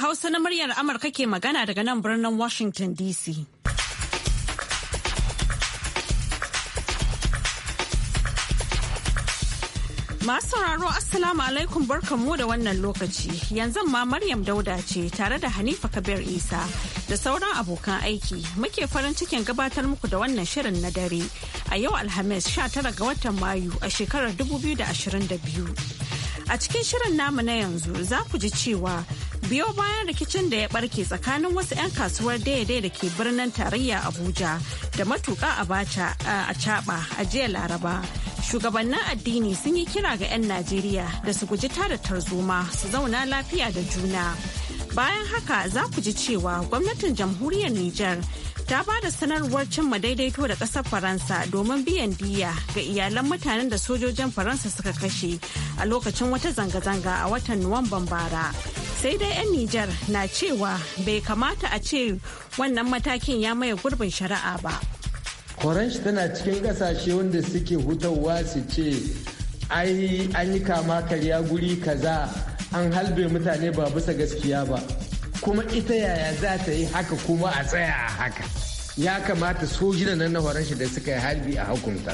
Hausa na muryar Amurka ke magana daga nan birnin Washington DC. Masu sauraro Assalamu alaikum barkanmu da wannan lokaci. Yanzu ma Maryam Dauda ce tare da Hanifa Kabir Isa da sauran abokan aiki muke farin cikin gabatar muku da wannan shirin na dare a yau Alhamis 19 ga watan Mayu a shekarar 2022. A cikin shirin namu na yanzu za ku ji cewa biyo bayan rikicin da ya barke tsakanin wasu 'yan kasuwar daidai da ke birnin tarayya Abuja da matuƙa bacha a Chaba a jiya Laraba. Shugabannin addini sun yi kira ga 'yan Najeriya da su guji tada tarzoma su zauna lafiya da juna. Bayan haka za ku ji cewa gwamnatin jamhuriyar Nijar ta ba da sanarwar cimma daidaito da ƙasar faransa domin biyan diya ga iyalan mutanen da sojojin faransa suka kashe a lokacin wata zanga-zanga a watan nuwamban bara sai dai 'yan nijar na cewa bai kamata a ce wannan matakin ya maye gurbin shari'a ba horon tana cikin ƙasashe wanda suke hutawa su ce ai an yi kama karya guri kaza an halbe mutane ba bisa gaskiya ba kuma ita yaya za ta yi haka kuma a tsaya a haka ya kamata sojina nan na horon shi da suka yi harbi a hukunta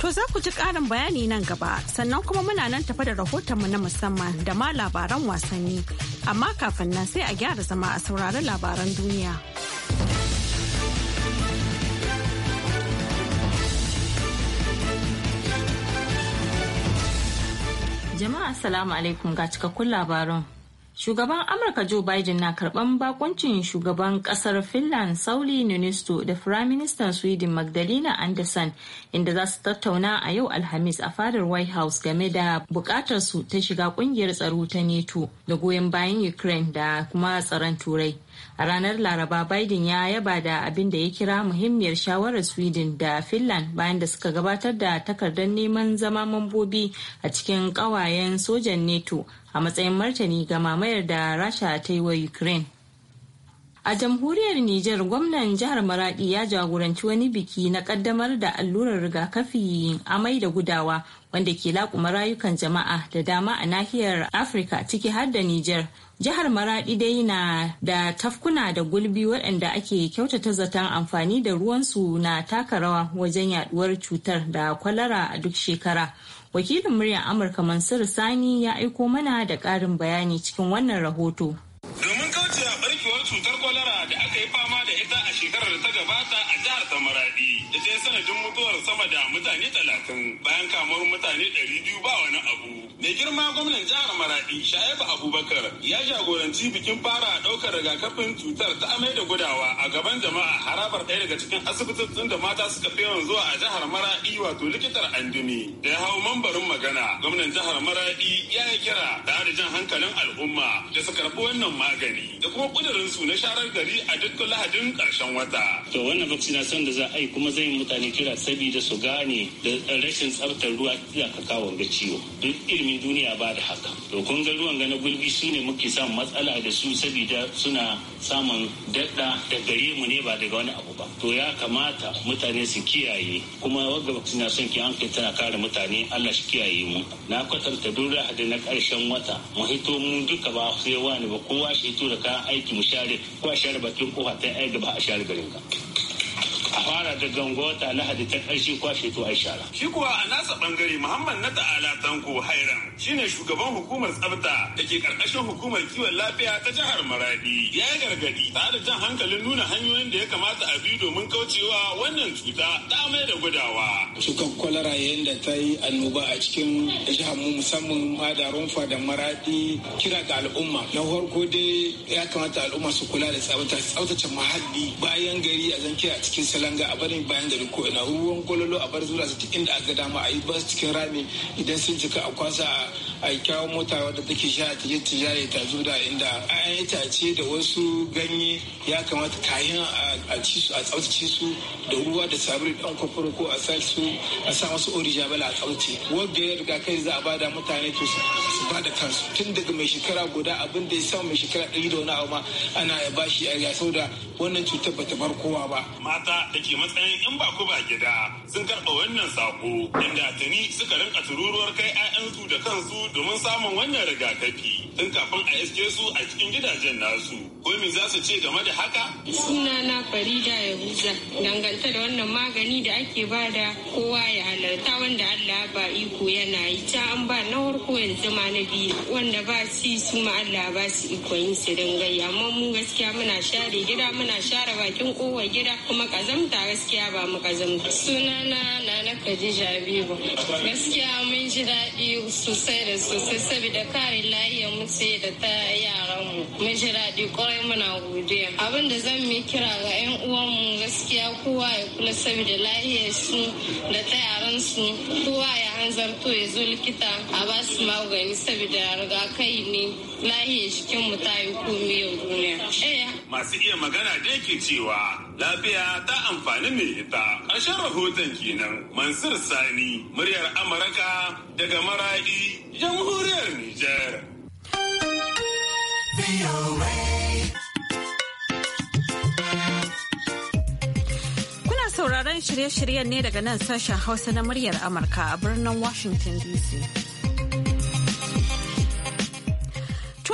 To za ku ji ƙarin bayani nan gaba sannan kuma muna nan tafa da rahotonmu na musamman da ma labaran wasanni amma kafin nan sai a gyara zama a saurari labaran duniya. Jama'a Assalamu alaikum ga cikakkun labarun. Shugaban Amurka Joe Biden na karɓan bakuncin shugaban ƙasar Finland Sauli Nunisto da Firaministan Sweden Magdalena Anderson inda za su tattauna a yau Alhamis a fadar White House game da su ta shiga ƙungiyar tsaro ta NATO da goyon bayan Ukraine da kuma tsaron Turai. a ranar laraba biden ya yaba da abin da ya kira muhimmiyar shawarar sweden da finland bayan da suka gabatar da takardar neman zama mambobi a cikin kawayen sojan neto a matsayin martani ga mamayar da rasha ta yi wa ukraine A jamhuriyar niger gwamnan jihar Maradi ya jagoranci wani biki na kaddamar da allurar rigakafi amai da gudawa wanda ke laƙuma rayukan jama'a da dama a nahiyar Afirka ciki har da Nijar Jihar Maradi dai na da tafkuna da gulbi waɗanda ake kyautata zaton amfani da ruwansu na taka rawa wajen yaduwar cutar da kwalara a duk shekara. Wakilin muryar Amurka Mansur Sani ya aiko mana da ƙarin bayani cikin wannan rahoto. Domin kaucewa barkewar cutar kwalara da aka yi fama da ita a shekarar da ta gabata a jihar ta Maradi. da ta yi sanadin mutuwar sama da mutane talatin bayan kamar mutane ɗari biyu ba wani abu. Mai girma gwamnan jihar Maraɗi Sha'ibu Abubakar ya jagoranci bikin fara ɗaukar rigakafin cutar ta amai da gudawa a gaban jama'a harabar ɗaya daga cikin asibitocin da mata suka fi yawan zuwa a jihar Maraɗi wato likitar Andumi. Da ya hau mambarin magana gwamnan jihar Maraɗi ya yi kira tare da jan hankalin al'umma da su karɓi wannan magani da kuma ƙudurinsu na sharar gari a dukkan lahadin ƙarshen wata. To wannan vaccination da za a yi kuma zai zai yi mutane kira saboda su gane da rashin tsabtar ruwa ya ka kawo ga ciwo duk ilimin duniya ba da haka to kun ga ruwan ga na gulbi su ne muke samun matsala da su saboda suna samun dadda da gare mu ne ba daga wani abu ba to ya kamata mutane su kiyaye kuma wagga suna son ki an tana kare mutane Allah shi kiyaye mu na kwatanta duk da na karshen wata mu hito mu duka ba sai wani ba kowa shi to da kayan aiki mu share ko a share batun kofa ta ai gaba a share garin ka a fara da gangota lahadi ta karshe kwashe to a shara. Shi kuwa a nasa bangare Muhammad na ta'ala tanko hairan shine shugaban hukumar tsafta da ke karkashin hukumar kiwon lafiya ta jihar Maradi. Ya yi gargadi ta da jan hankalin nuna hanyoyin da ya kamata a bi domin kaucewa wannan cuta ta mai da gudawa. Cutar kwalara yadda ta yi annoba a cikin jihar mu musamman ma rumfa da Maradi kira ga al'umma. Na farko dai ya kamata al'umma su kula da tsafta tsaftace muhalli bayan gari a zanke a cikin langa a barin bayan gari ko ina ruwan gololo a bar zura su inda aka dama a yi bas cikin rami idan sun jika a kwasa a kyawun mota wadda take sha a cikin tijari ta zo da inda ayan itace da wasu ganye ya kamata kayan a ci su a tsaftace su da ruwa da sabulu dan kwakwaro ko a sa su a sa masu orija bala a tsaftace wanda ya riga kai za a bada mutane to su ba da kansu tun daga mai shekara guda abin da ya sa mai shekara ɗari da wani abu ma ana ya bashi a sau da wannan cutar bata bar kowa ba. mata da ke matsayin in ba ku ba gida sun karɓa wannan sako inda tuni suka rinka tururuwar kai 'ya'yansu da kansu domin samun wannan rigakafi tun kafin a iske su a cikin gidajen nasu. Ko me za su ce game da haka? Suna na Farida Yahuza danganta da wannan magani da ake ba da kowa ya halarta wanda Allah ba iko yana yi ta an ba na farko yanzu ma na biyu wanda ba shi su ma Allah ba su iko yin su dangai amma mu gaskiya muna share gida muna share bakin kowa gida kuma kazamta gaskiya ba mu kazamta. Suna na na na Khadija Habibu gaskiya mun ji daɗi sosai da sosai saboda kare lahiyar mu ce da ta yaran mu mun ji daɗi kwarai muna godiya abin da zan mi kira ga yan uwan mu gaskiya kowa ya kula saboda lahiyar su da ta yaran su kowa ya hanzarto ya zo likita a ba su magani saboda rigakai ne lahiyar jikin mu ta yi komai yau duniya eh, masu iya magana da yake cewa lafiya ta amfani mai ita ƙarshen rahoton kenan mansur sani muryar amurka daga maraɗi jamhuriyar nijar kuna sauraron shirye-shiryen ne daga nan sashen hausa na muryar amurka a birnin washington dc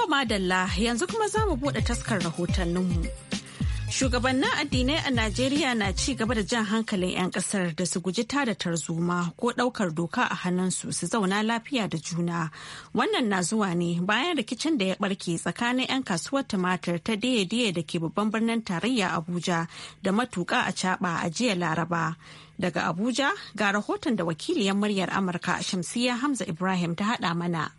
madalla yanzu kuma za mu buɗe taskar rahotanninmu. Shugabannin addinai a Najeriya na ci gaba da jan hankalin 'yan kasar da su guji tada tarzoma ko ɗaukar doka a hannunsu su zauna lafiya da juna. Wannan na zuwa ne bayan rikicin da ya ɓarke tsakanin 'yan kasuwar tumatir ta daidai da ke babban birnin tarayya Abuja da matuƙa a caɓa a jiya Laraba. Daga Abuja ga rahoton da wakiliyar muryar Amurka Shamsiyya Hamza Ibrahim ta haɗa mana.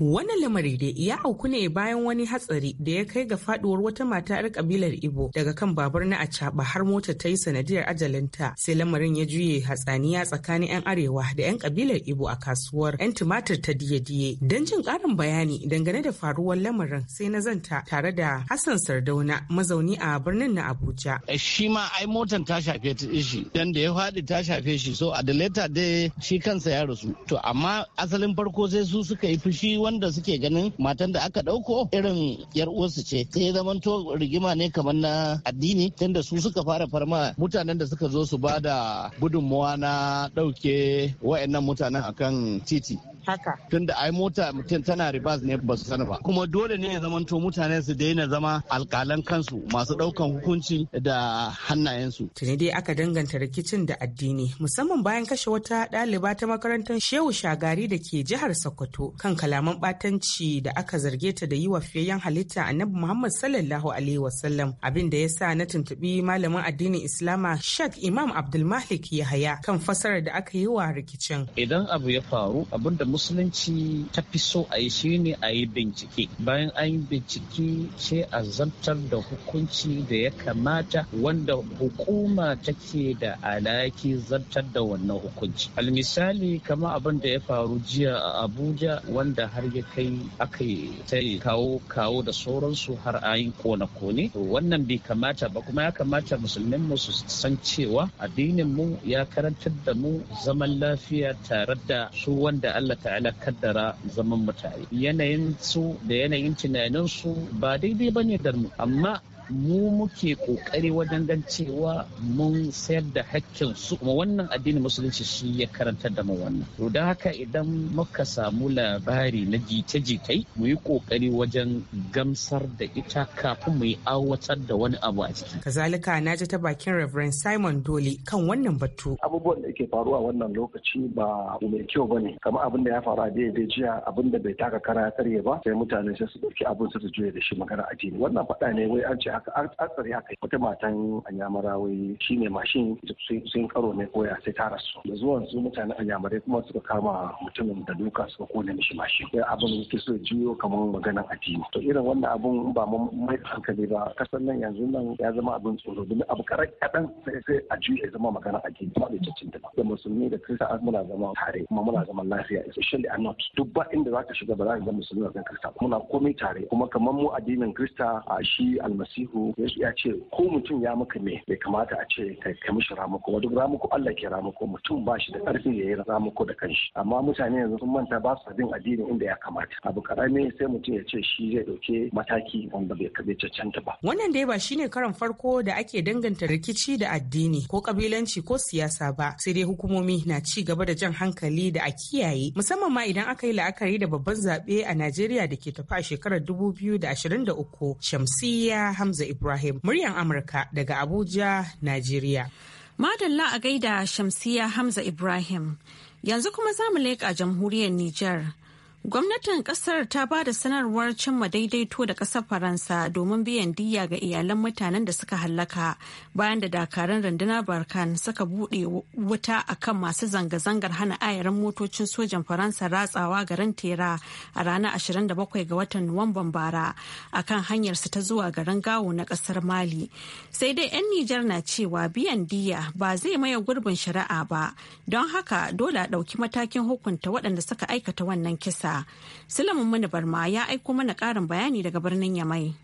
Wannan lamari dai ya auku ne bayan wani hatsari da ya kai ga faduwar wata mata 'yar kabilar Ibo daga kan babur na Acaba har mota ta yi sanadiyar ajalinta sai lamarin ya juye hatsaniya tsakanin 'yan arewa da 'yan kabilar Ibo a kasuwar 'yan tumatir ta diye-diye. Don jin karin bayani dangane da faruwar lamarin sai na zanta tare da Hassan Sardauna mazauni a birnin na Abuja. Eh, shi ma ai motan ta shafe shi dan da ya faɗi ta shafe shi so a da dai shi kansa ya rasu. To amma asalin farko sai su suka yi fushi wanda suke ganin matan da aka ɗauko irin yar uwarsu ce sai zamanto rigima ne kamar na addini tunda su suka fara farma mutanen da suka zo su ba da gudunmawa na ɗauke wa'annan mutanen akan titi haka tunda ai mota mutum tana ribas ne ba su sani ba kuma dole ne ya zamanto mutane su daina zama alkalan kansu masu daukan hukunci da hannayensu tuni dai aka danganta rikicin da addini musamman bayan kashe wata ɗaliba ta makarantar shehu shagari da ke jihar sokoto kan kalaman ɓatanci da aka zarge ta da yi wa fiyayyen halitta annabi muhammad sallallahu alaihi wasallam abin da ya sa na tuntuɓi malamin addinin islama shak imam abdulmalik yahaya kan fasarar da aka yi wa rikicin idan abu ya faru abin da musulunci ta fi so a yi ne a yi bincike bayan an yi bincike ce a zartar da hukunci da ya kamata wanda hukuma take da alaki zartar da wannan hukunci almisali kama abin da ya faru jiya a abuja wanda har ya kai aka yi kawo kawo da sauransu har an yi kone kone wannan bai kamata ba kuma ya kamata musulmin mu su san cewa addinin mu ya karantar da mu zaman lafiya tare da su wanda allah ta'ala kaddara zaman mutane yanayin su da yanayin tunaninsu ba daidai bane da mu amma mu muke kokari wajen gan cewa mun sayar da hakkin su kuma wannan addinin musulunci shi ya karantar da mu wannan to don haka idan muka samu labari na jita-jitai mu yi kokari wajen gamsar da ita kafin mu yi awatar da wani abu a ciki kazalika na ji ta bakin reverend simon dole kan wannan batu abubuwan da ke faruwa wannan lokaci ba mai kyau ne kamar abin da ya faru a daidai jiya abin da bai taka kara ya karye ba sai mutane sai su dauki abin su juya da shi magana addini wannan faɗa ne wai an ce a tsare aka wata matan anyamara shi shine mashin sun karo ne koya sai ta rasu da zuwan su mutane anyamarai kuma suka kama mutumin da duka suka kone mishi mashin sai abin da suke so juyo kamar maganan addini to irin wannan abun ba mu mai hankali ba kasan nan yanzu nan ya zama abin tsoro domin abu karar kaɗan sai sai a juyo ya zama maganan addini ba bai da ba da musulmi da kirista muna zama tare kuma muna zama lafiya especially a north duk ba inda zaka shiga ba za ka zama musulmi da kirista muna komai tare kuma kamar mu addinin kirista a shi almasi Salihu ya ce ko mutum ya maka me bai kamata a ce ka mishi ramako wadda ramako Allah ke ramako mutum ba shi da karfin ya yi ramako da kanshi amma mutane yanzu sun manta ba su bin addini inda ya kamata abu karami sai mutum ya ce shi zai dauke mataki wanda bai kabe cancanta ba wannan dai ba shine karan farko da ake danganta rikici da addini ko kabilanci ko siyasa ba sai dai hukumomi na ci gaba da jan hankali da a kiyaye musamman ma idan aka yi la'akari da babban zaɓe a Najeriya da ke tafi a shekarar dubu da 2023 Shamsiyya Hamza Hamza Ibrahim, muryar Amurka daga Abuja, Najeriya. Madalla a gaida Shamsiya Hamza Ibrahim. Yanzu kuma za mu leƙa jamhuriyar Nijar. Gwamnatin kasar ta ba da sanarwar cimma daidaito da kasar Faransa domin biyan diya ga iyalan mutanen da suka hallaka bayan da dakarun rundunar Barkan suka buɗe wuta a kan masu zanga-zangar hana ayarin motocin sojan Faransa ratsawa garin Tera a ranar 27 ga watan Nuwamban bara a kan hanyarsu ta zuwa garin Gawo na kasar Mali. Sai dai 'yan Nijar na cewa biyan diya ba zai maye gurbin shari'a ba don haka dole a ɗauki matakin hukunta waɗanda suka aikata wannan kisa. Sulaiman Muni ma ya aiko mana ƙarin bayani daga birnin Yamai.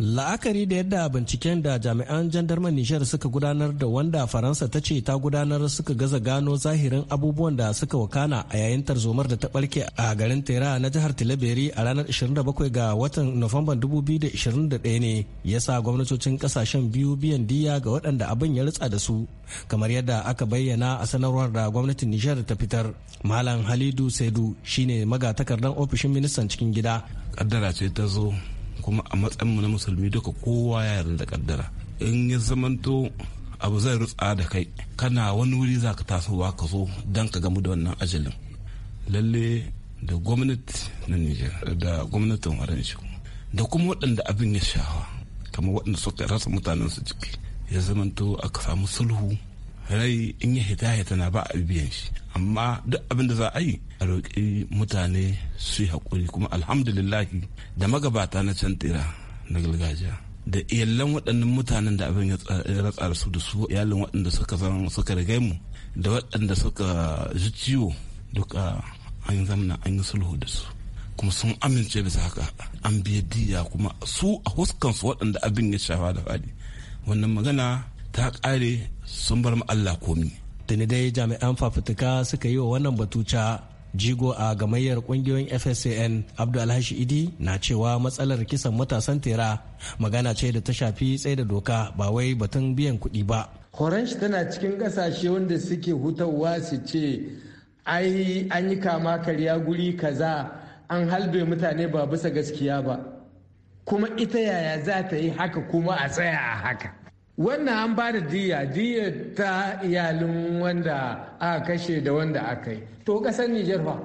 La'akari da yadda binciken da jami'an jandarman Nijar suka gudanar da wanda Faransa ta ce ta gudanar suka gaza gano zahirin abubuwan da suka wakana a yayin tarzomar da ta ɓarke a garin Tera na jihar Tilaberi a ranar 27 ga watan Nuwamban 2021 ne ya sa gwamnatocin kasashen biyu biyan diya ga waɗanda abin ya ritsa da su kamar yadda aka bayyana a sanarwar da gwamnatin Nijar ta fitar. Malam Halidu Saidu shine magatakardan ofishin ministan cikin gida. Kaddara ce ta zo kuma a matsayinmu na musulmi duka kowa ya yarda da kaddara in ya zamanto abu zai rutsa da kai kana wani wuri za ka tasowa ka zo don ka gamu da wannan ajalin lalle da gwamnati na niger da gwamnatin orange da kuma waɗanda abin ya shawa kamar waɗanda suka rasa su ciki ya zamanto aka samu sulhu rai in ya hita tana ba a biyan shi amma duk abin da za a yi a roƙi mutane su yi haƙuri kuma alhamdulillahi da magabata na can tera na gargajiya da iyalan waɗannan mutanen da abin ya ratsa su da su iyalin waɗanda suka zan suka rigai mu da waɗanda suka ji ciwo duka an zamna an yi sulhu da su kuma sun amince bisa haka an biya diya kuma su a huskansu waɗanda abin ya shafa da faɗi wannan magana ta ƙare sun bar Allah komi tuni dai jami'an fafutuka suka yi wa wannan batuca jigo a gamayyar kungiyoyin abdu alhashi idi na cewa matsalar kisan matasan tera magana ce da ta shafi tsaye da doka ba wai batun biyan kuɗi ba shi tana cikin ƙasashe wanda suke hutawa su ce ai an yi kama karya guri kaza an halbe mutane ba bisa gaskiya ba kuma ita yaya za ta yi haka kuma a tsaya a haka wannan an ba da diya diya ta iyalin wanda aka kashe da wanda aka yi to kasar nijar fa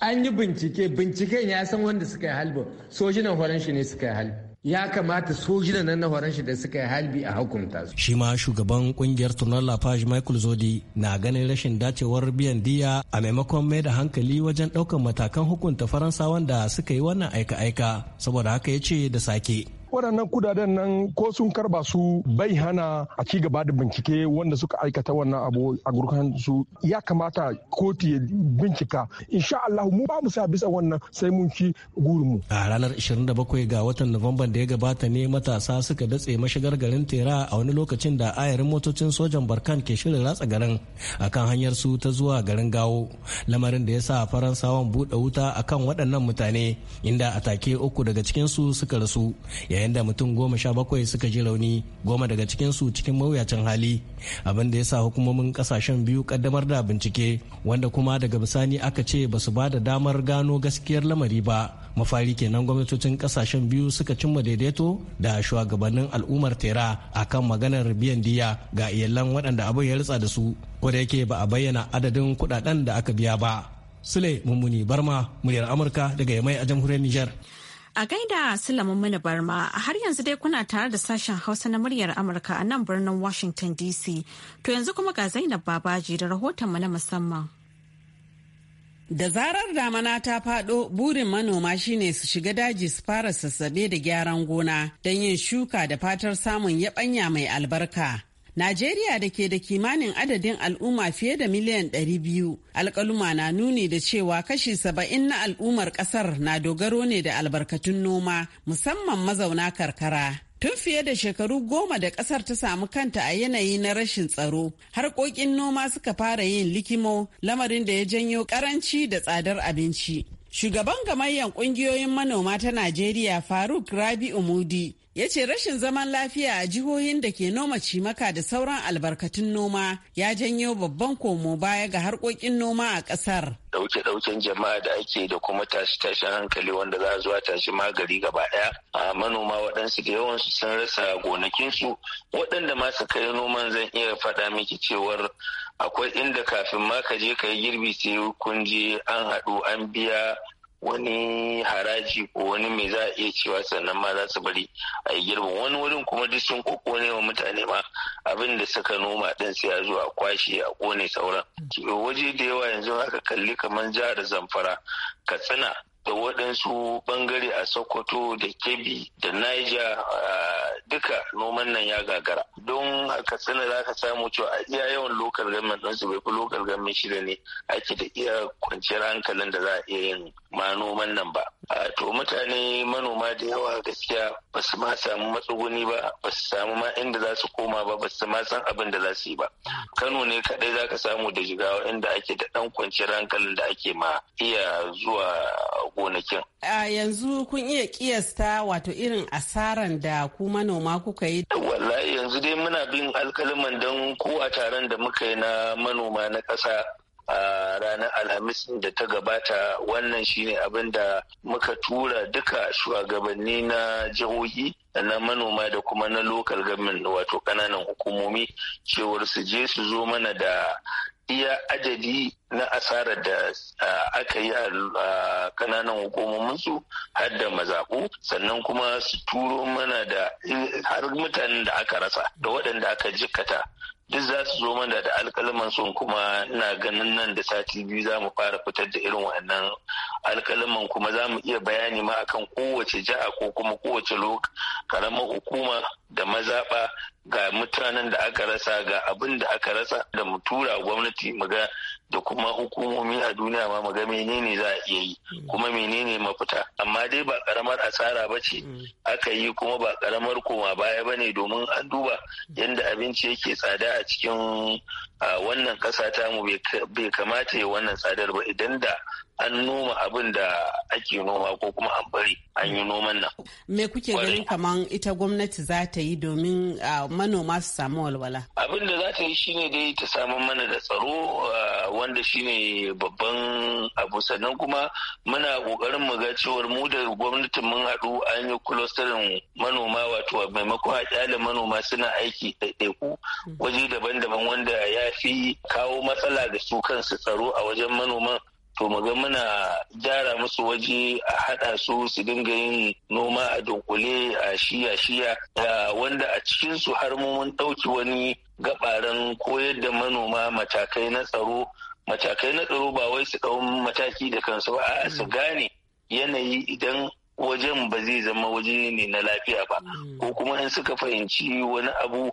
an yi bincike binciken ya san wanda suka yi halbi sojinan horon shi ne suka yi halbi ya kamata sojinan nan na horon shi da suka yi halbi a hukunta su. Shi ma shugaban kungiyar Tunan Lafage Michael Zodi na ganin rashin dacewar biyan diya a maimakon mai da hankali wajen ɗaukar matakan hukunta faransa wanda suka yi wannan aika-aika saboda haka ya ce da sake waɗannan kudaden nan ko sun karba su bai hana a ci gaba da bincike wanda suka aikata wannan abu a gurkan su ya kamata kotu ya bincika insha Allah mu ba mu sa bisa wannan sai mun ci gurinmu a ranar 27 ga watan Nuwamban da ya gabata ne matasa suka datse mashigar garin Tera a wani lokacin da ayarin motocin sojan Barkan ke shirin ratsa garin akan hanyar su ta zuwa garin Gawo lamarin da ya sa Faransawan buɗe wuta akan waɗannan mutane inda atake uku daga cikin su suka rasu ya yayin da mutum goma sha bakwai suka ji rauni goma daga cikinsu cikin mawuyacin hali abin da ya sa hukumomin kasashen biyu kaddamar da bincike wanda kuma daga bisani aka ce ba su ba da damar gano gaskiyar lamari ba mafari kenan gwamnatocin kasashen biyu suka cimma daidaito da shugabannin al'ummar tera a kan maganar biyan diya ga iyalan waɗanda abin ya ritsa da su ko da yake ba a bayyana adadin kuɗaɗen da aka biya ba sule mummuni barma muryar amurka daga yamai a jamhuriyar nijar. A gaida Sulaiman mana Barma har yanzu dai kuna tare da sashen Hausa na muryar Amurka a nan birnin Washington DC. To yanzu kuma ga Zainab Babaji da rahoton rahotonmu na musamman. Da zarar damana ta fado burin manoma shine su shiga daji su fara sassabe da gyaran gona don yin shuka da fatar samun yabanya mai albarka. Najeriya da ke da kimanin adadin al'umma fiye da miliyan 200 alkaluma na nuni da cewa kashi saba'in na al'ummar kasar na dogaro ne da albarkatun noma musamman mazauna karkara. Tun fiye da shekaru goma da kasar ta samu kanta a yanayi na rashin tsaro, harkokin noma suka fara yin likimo lamarin da ya janyo karanci da tsadar abinci. Shugaban gamayyar kungiyoyin manoma ta Najeriya Faruk Rabi Umudi ya ce rashin zaman lafiya a jihohin da ke noma cimaka da sauran albarkatun noma ya janyo babban komo baya ga harkokin noma a kasar. Dauke-dauken jama'a da ake da kuma tashi-tashin hankali wanda za a zuwa tashi magari gaba ɗaya a manoma waɗansu da yawansu sun rasa gonakinsu waɗanda masu kai noman zan iya faɗa miki cewar akwai inda kafin ma ka je ka yi girbi sai kun je an haɗu an biya wani haraji ko wani mai za a iya cewa sannan ma za su bari a yi girbin wani wurin kuma duk sun ne wa mutane ma abin da suka noma din sai a zo a kwashe a kone sauran mm. waje da yawa yanzu haka kalli kamar jihar zamfara katsina da waɗansu Bangare a sokoto da kebbi da niger duka noman nan ya gagara don haka Sani za ka samu cewa a iya yawan lokal gamin su bai fi lokal gamin shida ne ake da iya kwanciyar hankalin da za a iya yin ma noman nan ba to mutane manoma da yawa gaskiya ba su ma samu matsuguni ba ba su samu ma inda za su koma ba ba su ma san abin da za su yi ba kano ne kaɗai za ka samu da jigawa inda ake da ɗan kwanciyar hankalin da ake ma iya zuwa gonakin. A yanzu kun iya kiyasta wato irin asaran da ku manoma kuka yi? Wallahi yanzu dai muna bin alkaliman don ko a taron da muka yi na manoma na ƙasa a ranar alhamis da ta gabata wannan shine abin da muka tura duka shugabanni na jihohi na manoma da kuma na local government wato kananan hukumomi cewar su je su zo mana da iya adadi na asarar da aka yi a kananan hukumominsu har da mazaku sannan kuma su turo mana da har mutanen da aka rasa da waɗanda aka jikkata duk za su zo mana da alkalaman sun kuma na ganin nan da sati biyu za mu fara fitar da irin wannan alkalaman kuma za mu iya bayani ma akan kowace ja'a ko kuma kowace karamar hukuma da mazaɓa ga mutanen da aka rasa ga abin da aka rasa da mu tura gwamnati mu ga da kuma hukumomi a duniya ma mu ga menene za a iya yi mm. kuma menene mafita amma dai ba karamar asara ba ce mm. aka yi kuma ba karamar koma baya ba ne domin an duba yadda abinci yake tsada a cikin wannan kasa ta mu bai kamata ya wannan tsadar ba idan da an noma abin da ake noma ko kuma an bari an yi noman nan. Me kuke gani kamar ita gwamnati za ta yi domin manoma su samu walwala? Abin da za ta yi shine dai ta samu mana da tsaro wanda shine babban abu sannan kuma muna kokarin mu ga cewar mu da gwamnatin mun haɗu an yi kulostarin manoma wato maimakon a manoma suna aiki ɗaiɗaiku hmm. waje daban-daban wanda ya fi kawo matsala da su kansu tsaro a wajen manoman to maga muna gyara musu waje a haɗa su su dinga yin noma a dunkule a shiya shiya wanda a cikin su har mun ɗauki wani gabaran koyar da manoma matakai na tsaro matakai na tsaro ba wai su ɗau mataki da kansu ba a su mm. gane yanayi idan wajen ba zai zama waje ne na lafiya ba mm. ko kuma in suka fahimci wani abu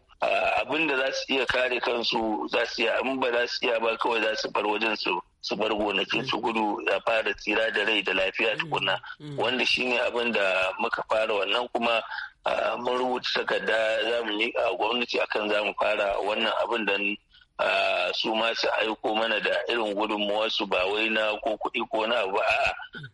abin da za su iya kare kansu za su iya in ba za su iya ba kawai za su bar wajen su su bar gonakin su gudu ya fara tsira da rai da lafiya mm. tukuna mm. wanda shine abin da muka fara wannan kuma mun rubuta takarda za mu yi a gwamnati akan za mu fara wannan abin da su ma su aiko mana da irin su ba wai na ko kuɗi ko na ba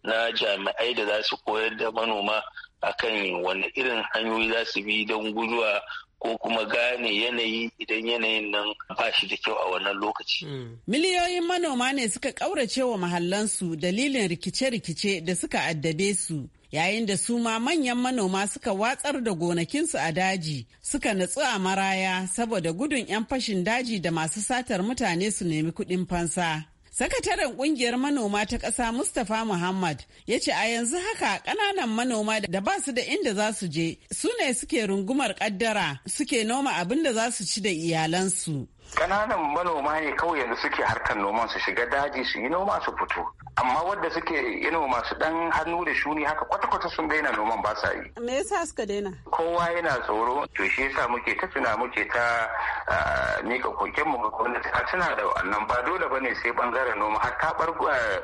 na jami'ai da za su koyar da manoma akan wani irin hanyoyi za su bi don guduwa ko kuma gane yanayi idan yanayin nan ba shi da kyau a wannan lokaci. Hmm. Miliyoyin manoma ne suka ƙaurace wa mahallansu dalilin rikice-rikice da suka addabe su. yayin da su ma manyan manoma suka watsar da gonakinsu a daji suka natsu a maraya saboda gudun 'yan fashin daji da masu satar mutane su nemi kuɗin fansa. Sakataren kungiyar manoma ta ƙasa Mustapha Muhammad ya ce a yanzu haka ƙananan manoma da ba su da inda za su je su ne suke rungumar ƙaddara suke noma abin da za su ci da iyalansu. kananan manoma ne kawai yanzu suke harkar noman su shiga daji su yi noma su fito amma wadda suke yi noma su dan hannu da shuni haka kwata-kwata sun daina noman ba sa yi me yasa suka daina kowa yana tsoro to shi yasa muke ta tuna muke ta mika koken mu gwamnati a tuna da wannan ba dole bane sai bangaren noma hatta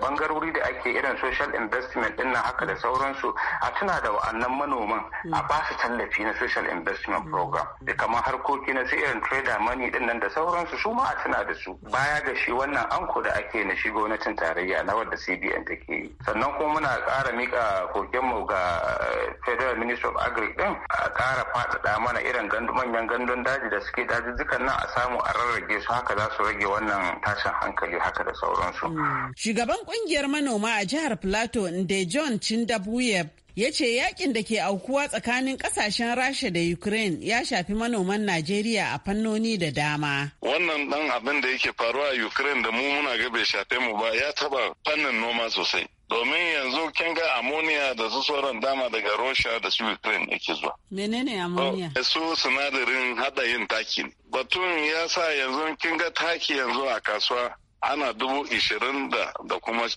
bangarori da ake irin social investment din nan haka da sauransu a tuna da wa'annan manoman hmm. a ba su tallafi na social investment program da kamar harkoki na su irin trader money din nan da sauran sauransu su ma a tuna da su baya ga shi wannan anko da ake na shi gwamnatin tarayya na wadda cbn take yi sannan kuma muna ƙara mika kokenmu ga eh, federal ministry of agriculture din a ƙara faɗaɗa mana irin manyan gandun daji da suke dajijjikan nan a samu a rarrage su haka za su rage wannan tashin hankali haka da sauransu. Hmm. shugaban kungiyar manoma a jihar plateau nde john chindabuye ya ce yakin da ke aukuwa tsakanin kasashen rasha da ukraine ya shafi manoman najeriya a fannoni da dama wannan dan abin da yake faruwa a ukraine da mu muna ga bai shafe mu ba ya taba fannin noma sosai domin yanzu kin ga ammonia da su sauran dama daga Rasha da su ukraine yake zuwa menene ammonia oh, su sinadarin hada yin taki batun ya sa yanzu kin ga taki yanzu a kasuwa ana dubu ishirin da kuma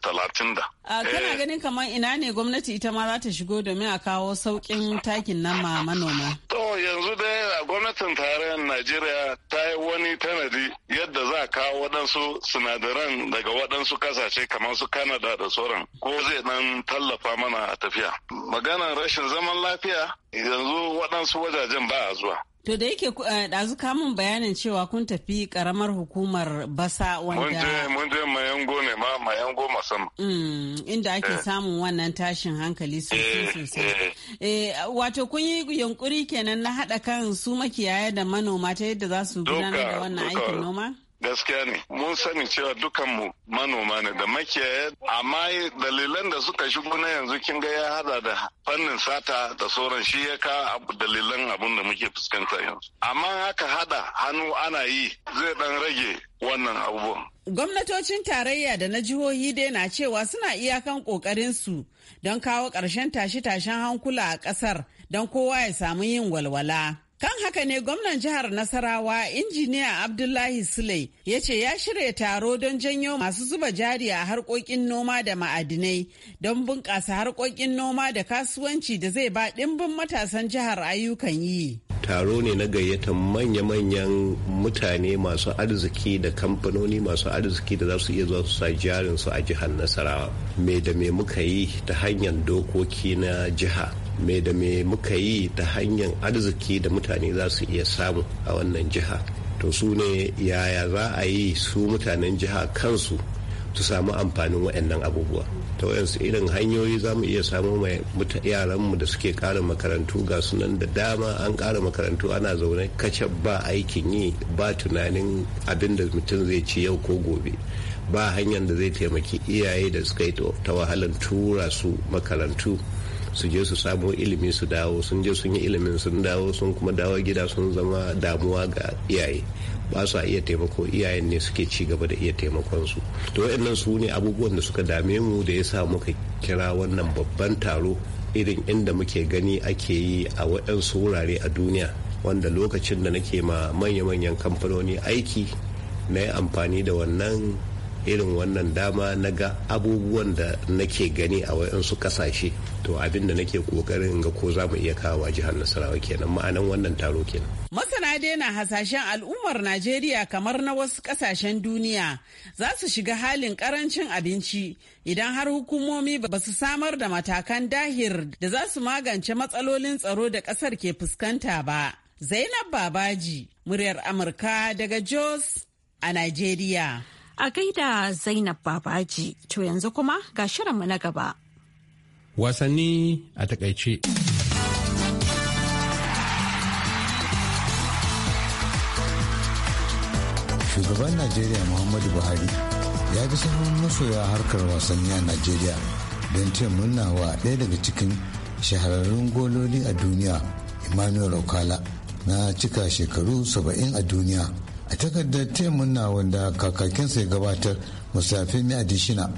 talatin da. kana eh. ganin kamar ina ne gwamnati ita ma za ta shigo domin a kawo sauƙin takin nan ma manoma. To yanzu dai gwamnatin tarayyar Najeriya ta yi wani tanadi yadda za a kawo waɗansu sinadaran daga waɗansu kasashe kamar su Kanada da sauran ko zai ɗan tallafa mana a tafiya. Maganar rashin zaman lafiya yanzu waɗansu wajajen ba a zuwa. To da yake eh, ɗazu kamun bayanin cewa kun tafi karamar hukumar basa wanda... Mun je mayango ne ma mayango masam. Mm, inda ake eh. samun wannan tashin hankali sosai eh, sosai. wato kun yi yunkuri kenan na haɗa kan su makiyaya da manoma ta yadda za su gudanar da wannan aikin noma? gaskiya ne mun sani cewa dukanmu manoma ne da makiyaya amma dalilan da suka shigo na yanzu kin ga ya hada da fannin sata da sauran shi ya ka dalilan abun da muke fuskanta yanzu amma haka hada hannu ana yi zai dan rage wannan abubuwan gwamnatocin tarayya da na jihohi dai na cewa suna iyakan ƙoƙarinsu don kawo ƙarshen tashe-tashen hankula a ƙasar don kowa ya samu yin walwala Kan haka ne gwamnan jihar Nasarawa injiniya Abdullahi Sule ya ce ya shirya taro don janyo masu zuba jari a harkokin noma da ma'adinai don bunƙasa harkokin noma da kasuwanci da zai ba ɗimbin matasan jihar ayyukan yi. Taro ne na gayyatar manya-manyan mutane masu arziki da kamfanoni masu arziki da za su iya zuwa su sa jarinsu a jihar Nasarawa. Me da me muka yi ta hanyar dokoki na jiha me da me muka yi ta hanyar arziki da mutane za su iya samu a wannan jiha to su ne yaya za a yi su mutanen jiha kansu su samu amfanin waɗannan abubuwa ta wayansu irin hanyoyi za mu iya samu yaranmu da suke ƙara makarantu ga sunan da dama an ƙara makarantu ana zaune kace ba aikin yi ba tunanin abin da mutum zai ci yau ko gobe ba hanyar da zai taimaki iyaye da suka yi ta wahalar tura su makarantu su je su samu ilimi su dawo sun je sun yi ilimin sun dawo sun kuma dawo gida sun zama damuwa ga iyaye ba su a iya taimako iyayen ne suke ci gaba da iya taimakon su to waɗannan su ne abubuwan da suka dame mu da ya sa muka kira wannan babban taro irin inda muke gani ake yi a waɗansu wurare a duniya wanda lokacin da nake ma manya-manyan kamfanoni aiki na yi amfani da wannan irin wannan dama na ga abubuwan da nake gani a wayansu kasashe to abin da nake kokarin ga ko za mu iya kawo jihar nasarawa kenan ma'anan wannan taro kenan masana dai na hasashen al'ummar najeriya kamar na wasu kasashen duniya za su shiga halin karancin abinci idan har hukumomi ba su samar da matakan dahir da za su magance matsalolin tsaro da kasar ke fuskanta ba zainab babaji muryar amurka daga jos a najeriya A gaida Zainab Babaji, to yanzu kuma ga shirinmu na gaba. Wasanni a takaice. Shugaban Najeriya Muhammadu Buhari ya bi sahun masoya harkar wasanni a Najeriya don ce murna wa ɗaya daga cikin shahararrun gololi a duniya Emmanuel Okala na cika shekaru 70 a duniya. a takardar temun wanda kakakinsa ya gabatar musafin mai adishina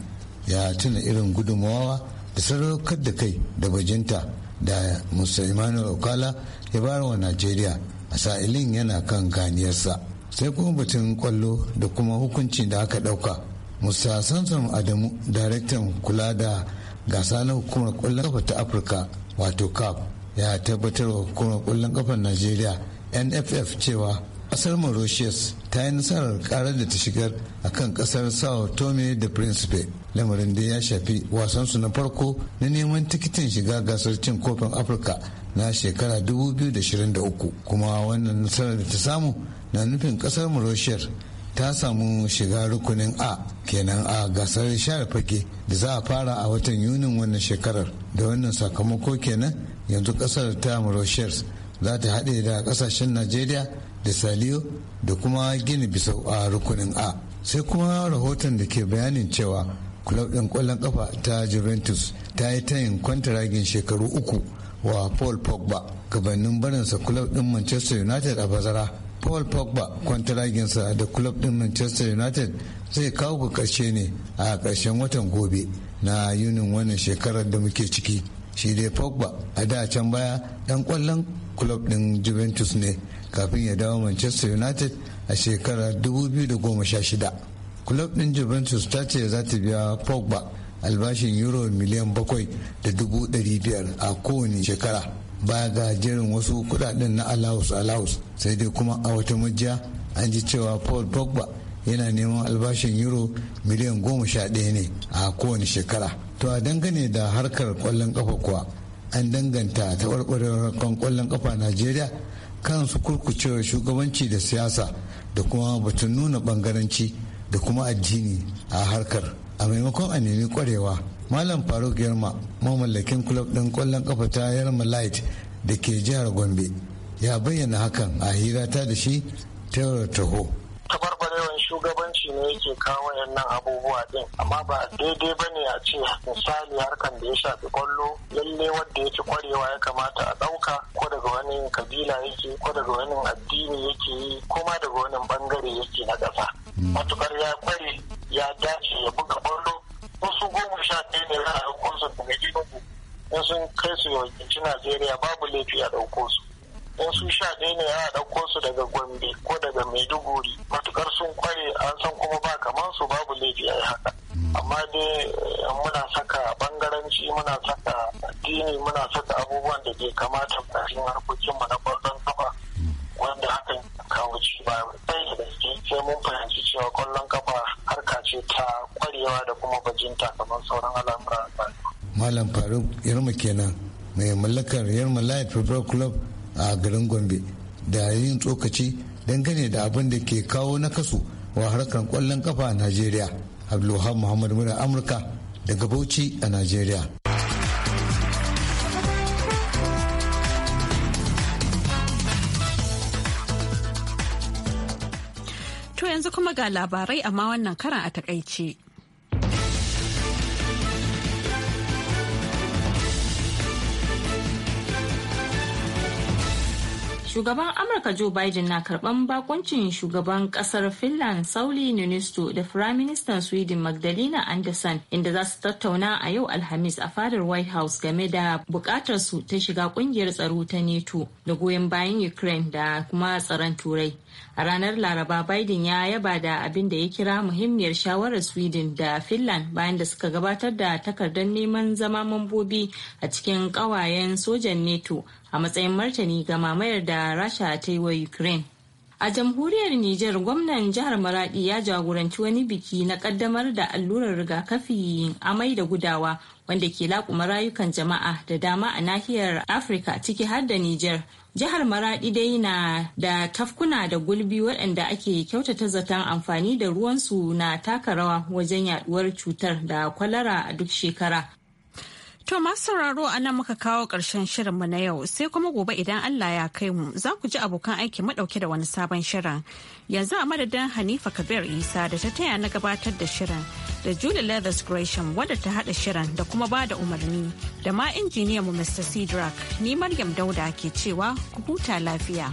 ya tuna irin gudunmawa da sadaukar da kai da bajinta da musa imanuel okala ya bayar wa najeriya a sa'ilin yana kan ganiyarsa sai kuma batun kwallo da kuma hukuncin da aka dauka musa sansan adamu daraktan kula da gasa na hukumar kwallon kafa ta afirka wato cap ya tabbatar wa hukumar kwallon kafar najeriya nff cewa kasar mauritius ta yi nasarar karar da ta shigar a kan kasar sao tome da principe lamarin da ya shafi wasansu na farko na neman tikitin shiga gasar cin kofin afirka na shekara 2023 kuma wannan nasarar da ta samu na nufin kasar mauritius ta samu shiga rukunin a kenan a gasar share fage da za a fara a watan yunin wannan shekarar da wannan sakamako kenan yanzu kasar ta mauritius za ta haɗe da kasashen najeriya da saliyo da kuma gini bisau a rukunin a sai kuma rahoton da ke bayanin cewa kulab ɗin kwallon ƙafa ta juventus ta yi tayin kwantaragin shekaru uku wa paul pogba gabanin barinsa kulab ɗin manchester united a bazara paul pogba kwantaraginsa da kulab ɗin manchester united zai kawo ga karshe ne a ƙarshen watan gobe na yunin wannan shekarar da muke ciki shi dai pogba a da can baya ɗan kwallon kulab ɗin juventus ne kafin ya dawo manchester united a shekarar 2016 club din juventus ta ce za ta biya pogba albashin euro miliyan 7.5 a kowane shekara baya ga jerin wasu kudaden na alaus alaus sai dai kuma a wata majiya an ji cewa paul pogba yana neman albashin euro miliyan 11 ne a kowane shekara to a dangane da harkar kwallon kafa kuwa an danganta ta kan kwallon kafa najeriya kansu kurkucewa shugabanci da siyasa da kuma batun nuna bangaranci da kuma addini a harkar a maimakon a nemi kwarewa malam faruk yarma mamallakin kulob ɗin ƙwallon ƙafa ta yarma light da ke jihar gombe ya bayyana hakan a hira ta da shi ta taho tabarbarewan shugaban shi ne yake kawo wayannan abubuwa din amma ba daidai ba ne a ce misali harkan da ya shafi kwallo lalle wanda ya ci kwarewa ya kamata a ɗauka ko daga wani kabila yake ko daga wani addini yake yi ko ma daga wani bangare yake na ƙasa hmm. matukar ya kware ya dace ya buga kwallo wasu goma sha ɗaya ne za a ɗauko su daga in sun kai su yawanci Najeriya babu laifi a ɗauko su wasu sha ɗaya ne ya ɗauko su daga gombe ko daga maiduguri matukar sun kware an san kuma ba kamar su babu laifi a haka amma dai eh, muna saka bangaranci muna saka addini muna saka abubuwan da ke kamata a cikin harkokin mu na kwallon kafa wanda hakan kawo ci ba sai da gaske sai mun fahimci cewa kwallon kafa harka ce ta kwarewa da kuma bajinta kamar sauran al'amura malam faruk yarma kenan mai mallakar yarma light football club a garin gombe da yin tsokaci dangane da abin da ke kawo na kasu wa harkar kwallon kafa a najeriya Abdullahi muhammad muna amurka daga bauchi a najeriya to yanzu kuma ga labarai amma wannan karan a takaice Shugaban Amurka Joe Biden na karban bakuncin shugaban kasar Finland Sauli Niinisto da Firaministan Sweden Magdalena Anderson inda za su tattauna a yau Alhamis a fadar White House game da bukatar su ta shiga kungiyar tsaro ta neto da goyon bayan Ukraine da kuma tsaron Turai. A ranar Laraba Biden ya yaba da abin da ya kira muhimmiyar shawarar Sweden da Finland bayan da suka gabatar da takardar neman zama mambobi a cikin ƙawayen sojan NATO a matsayin martani ga mamayar da Rasha ta yi wa Ukraine. A jamhuriyar Nijar gwamnan jihar Maradi ya jagoranci wani biki na kaddamar da allurar rigakafi amai da gudawa wanda ke laƙuma rayukan jama'a da dama a nahiyar Afirka ciki har da Nijar. Jihar Maradi dai na da tafkuna da gulbi waɗanda ake kyautata zaton amfani da ruwansu na taka rawa wajen yaɗuwar cutar da kwalara a duk shekara. To masu sauraro a nan muka kawo ƙarshen shirinmu na yau sai kuma gobe idan Allah ya kai mu za ku ji abokan aiki madauke da wani sabon shirin. Yanzu a madadin Hanifa Kabir Isa da ta taya na gabatar da shirin da Julie Leathers Gresham wadda ta haɗa shirin da kuma ba da umarni da ma injiniyanmu Mr. sidrak ni Maryam Dauda ke cewa ku huta lafiya.